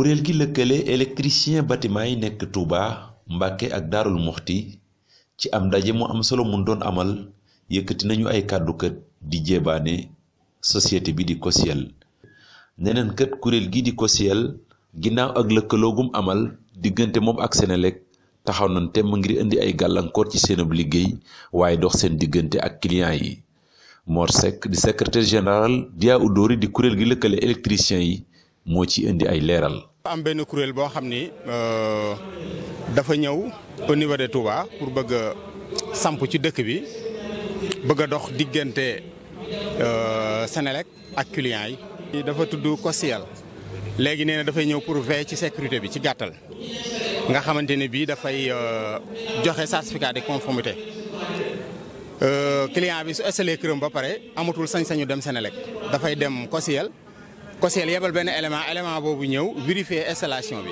kuréel gi lëkkale électricien bâtiment yi nekk Touba Mbàkke ak Daarul Muxti ci am ndaje mu am solo mun doon amal yëkkati nañu ay kàddu kët di jébaane société bi di COCIEL neneen kët kuréel gi di COCIEL ginnaaw ak lëkkaloogum amal diggante moom ak Senelec taxaw nañ temm ngir indi ay gàllankoor ci seenub liggéey waaye dox seen diggante ak client yi Mor Seck di secrétaire général Dia di kuréel gi lëkkale électricien yi moo ci indi ay leeral am benn kuréel boo xam ni euh, dafa ñëw au niveau de Touba pour bëgg samp ci dëkk bi bëgg a dox diggante euh, Sénélec ak clients yi. dafa tudd COSYEL léegi nee na dafay ñëw pour veiller ci sécurité bi ci gàttal nga xamante ni bii dafay euh, joxe certificat de conformité client bi su installé këram ba pare amatul sañ-sañu dem Sénélec dafay dem COSYEL. COSEL yebal benn élément élément boobu ñëw vérifier installation bi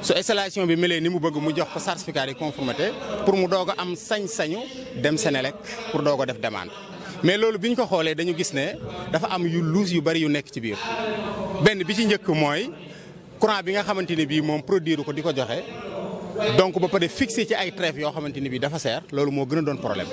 su installation bi melee ni mu bëgg mu jox ko certificat de conformité pour mu doog am sañ-sañu dem Senelec pour doog a def demande mais loolu bi ñu ko xoolee dañu gis ne dafa am yu luus yu bari yu nekk ci biir benn bi ci njëkk mooy courant bi nga xamante ne bii moom produire ko di ko joxe donc ba pare fixé ci ay trèfes yoo xamante ne bii dafa seer loolu moo gën a doon problème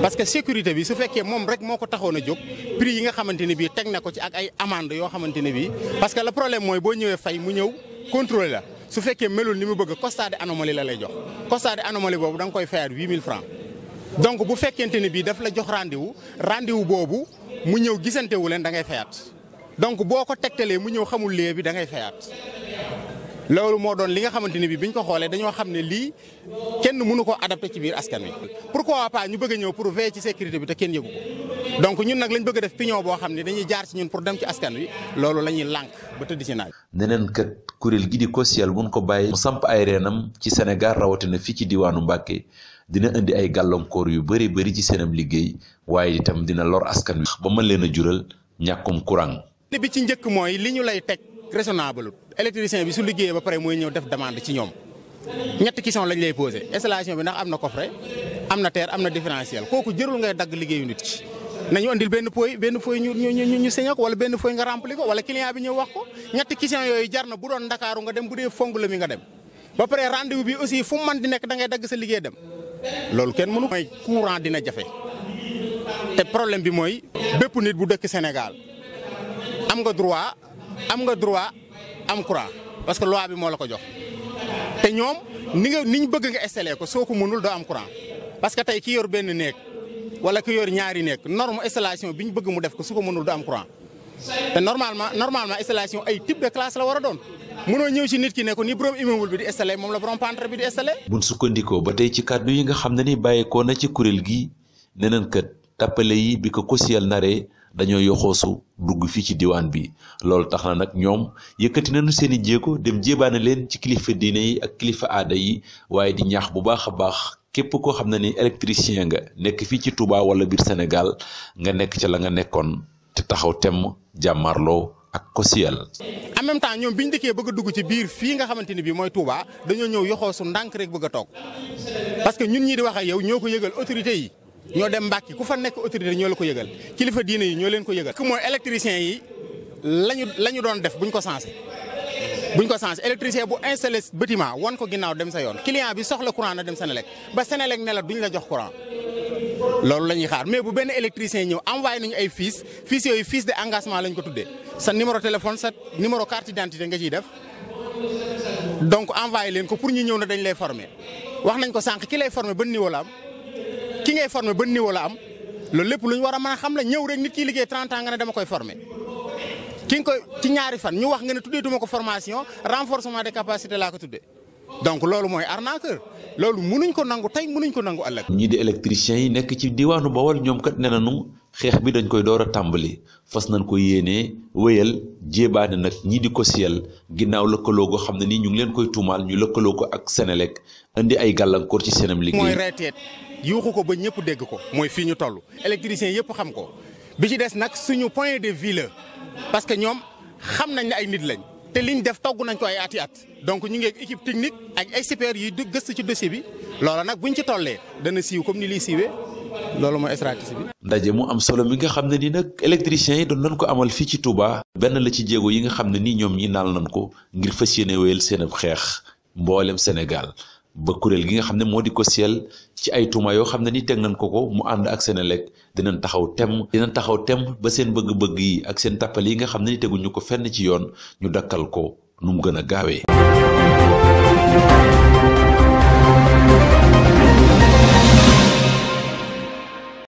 parce que sécurité bi su fekkee moom rek moo ko taxoon a jóg prix yi nga xamante ni bii teg na ko ci ak ay amende yoo xamante ne bii parce que la problème mooy boo ñëwee fay mu ñëw contrôler la su fekkee melul ni mu bëgg constat d'anomalie la lay jox constat d'anomalie boobu da nga koy fayaat 8000 francs donc bu fekkente ne bii daf la jox rendez-vous rendez-vous boobu mu ñëw gisantewu leen da ngay fayaat donc boo ko tegtalee mu ñëw xamul lieu bi da ngay fayaat loolu moo doon li nga xamante ni bi biñ ko xoolee dañoo xam ne lii kenn mënu ko adapté ci biir askan wi. pourquoi pas ñu bëgg a ñëw pour veiller ci sécurité bi te kenn yëgu ko donc ñun nag lañ bëgg def pignon boo xam ne dañuy jaar ci ñun pour dem ci askan wi loolu la ñuy lànk ba tëdd ci naaj. neneen kat kuréel gi di ko COCIEL mun ko bàyyi. mu samp ay reenam ci Sénégal rawatina fii ci diwaanu Mbàkke dina indi ay gàllankoor yu bëri bëri ci seenam liggéey waaye itam dina lor askan wi. ba mën leen a jural ñàkkum courant. raisonnable électricien bi su liggéeyee ba pare mooy ñëw def demande ci ñoom ñetti question lañ lay posé installation bi ndax am na coffret am na terre am na différentiel kooku jërul ngay dagg liggéeyu nit ci nañu andil benn poy benn poy ñu ñu ñu ñu sañoo ko wala benn poy nga rempli ko wala client bi ñëw wax ko ñetti question yooyu jar na bu doon ndakaaru nga dem bu dee fongu la mi nga dem ba pare rendez-vous bi aussi fu man di nekk da ngay dagg sa liggéey dem loolu kenn mënu mooy courant dina jafe te problème bi mooy bépp nit bu dëkk Sénégal am am nga droit am courant parce que loi bi moo la ko jox te ñoom ni nga niñ bëgg nga installé ko soo ko mënul doo am courant parce que tey ki yor benn néeg wala ki yor ñaari néeg norme installation bi ñu bëgg mu def ko su ko mënul doo am courant te normalement normalement installation ay type de classe la war a doon mënoo ñëw ci nit ki ne ko ni borom immeuble bi di installé moom la borom pantre bi di installé. buñ sukkandikoo ba tey ci kàddu yi nga xam ne ni bàyyeekoo na ci kuréel gi neneen kat tàppale yi bi ko kosiyal naree dañoo yoxoosu dugg fii ci diwaan bi loolu tax na nag ñoom yëkkati nañu seen i jéego dem jébaane leen ci kilifa diine yi ak kilifa aada yi waaye di ñaax bu baax a baax képp koo xam ne ni électricien nga nekk fii ci Touba wala biir Sénégal nga nekk ca la nga nekkoon te taxaw temm jàmmarloo ak Kosiyal. en même temps ñoom bi ñu dëkkee bëgg a dugg ci biir fii nga xamante ni bii mooy Touba dañoo ñëw yoxoosu ndànk rek bëgg a toog parce que ñun ñii di wax ak yow ñoo ko yëgal autorité yi. ñoo dem Mbàkke ku fa nekk autorité ñoo la ko yëgal kilifa diine yi ñoo leen ko yëgal. mooy électricien yi lañu la ñu doon def buñ ko sensé buñ ko sensé électricien bu installé bâtiment wan ko ginnaaw dem sa yoon client bi soxla courant na dem Senelec ba Senelec ne la duñ la jox courant. loolu la ñuy xaar mais bu benn électricien ñëw envoyé nañu ay fiches fiches yooyu fiche de engagement lañ ko tuddee sa numéro téléphone sa numéro carte d'identité nga ciy def donc envoyé leen ko pour ñu ñëw na dañ lay former wax nañ ko sànq ki lay former ban niveau la am ngay former ba niveau la am loolu lépp luñ war a mën a xam la ñëw rek nit ki liggéey 30 ans nga ne dama koy former ki koy ci ñaari fan ñu wax nga ne tuddee duma ko formation renforcement des capacités laa ko tuddee. donc loolu mooy arnaqueur loolu munuñ ko nangu tey munuñ ko nangu ëllëg. ñii di électriciens yi nekk ci diwaanu Bawol ñoom kat ne nañu xeex bi dañ koy door a tàmbali fas nañ ko yéenee wéyal jéebaane nag ñii di ko siyal ginnaaw lëkkaloo goo xam ne nii ñu ngi leen koy tuumaal ñu lëkkaloo ko ak Senelec indi ay gàllankoor ci seenam liggéey. mooy reeteet yuuxu ko ba ñëpp dégg ko mooy fii ñu toll électriciens yëpp xam ko bi ci des nag suñu point de vue la parce que ñoom xam nañ ay nit lañ. te liñ def togg nañ ko ay ati at donc ñu ngi ak équipe technique ak experts yi du gëstu ci dossier bi loola nag buñ ci tollee dana siiw comme ni lii siiwee loolu mooy stratégie bi. ndaje mu am solo mi nga xam ne ni nag électriciens yi doon nañ ko amal fii ci Touba. benn la ci jéego yi nga xam ne nii ñoom ñi naan nañ ko ngir fas yéene wéyal seen xeex mbooleem Sénégal. ba kuréel gi nga xam ne moo di ko seel ci ay tuuma yoo xam ne ni teg nañ ko ko mu ànd ak seen lekk dinañ taxaw temm dinañ taxaw temm ba seen bëgg-bëgg yi ak seen tàppale yi nga xam ne ni teguñu ko fenn ci yoon ñu dakkal ko nu mu gën a gaawee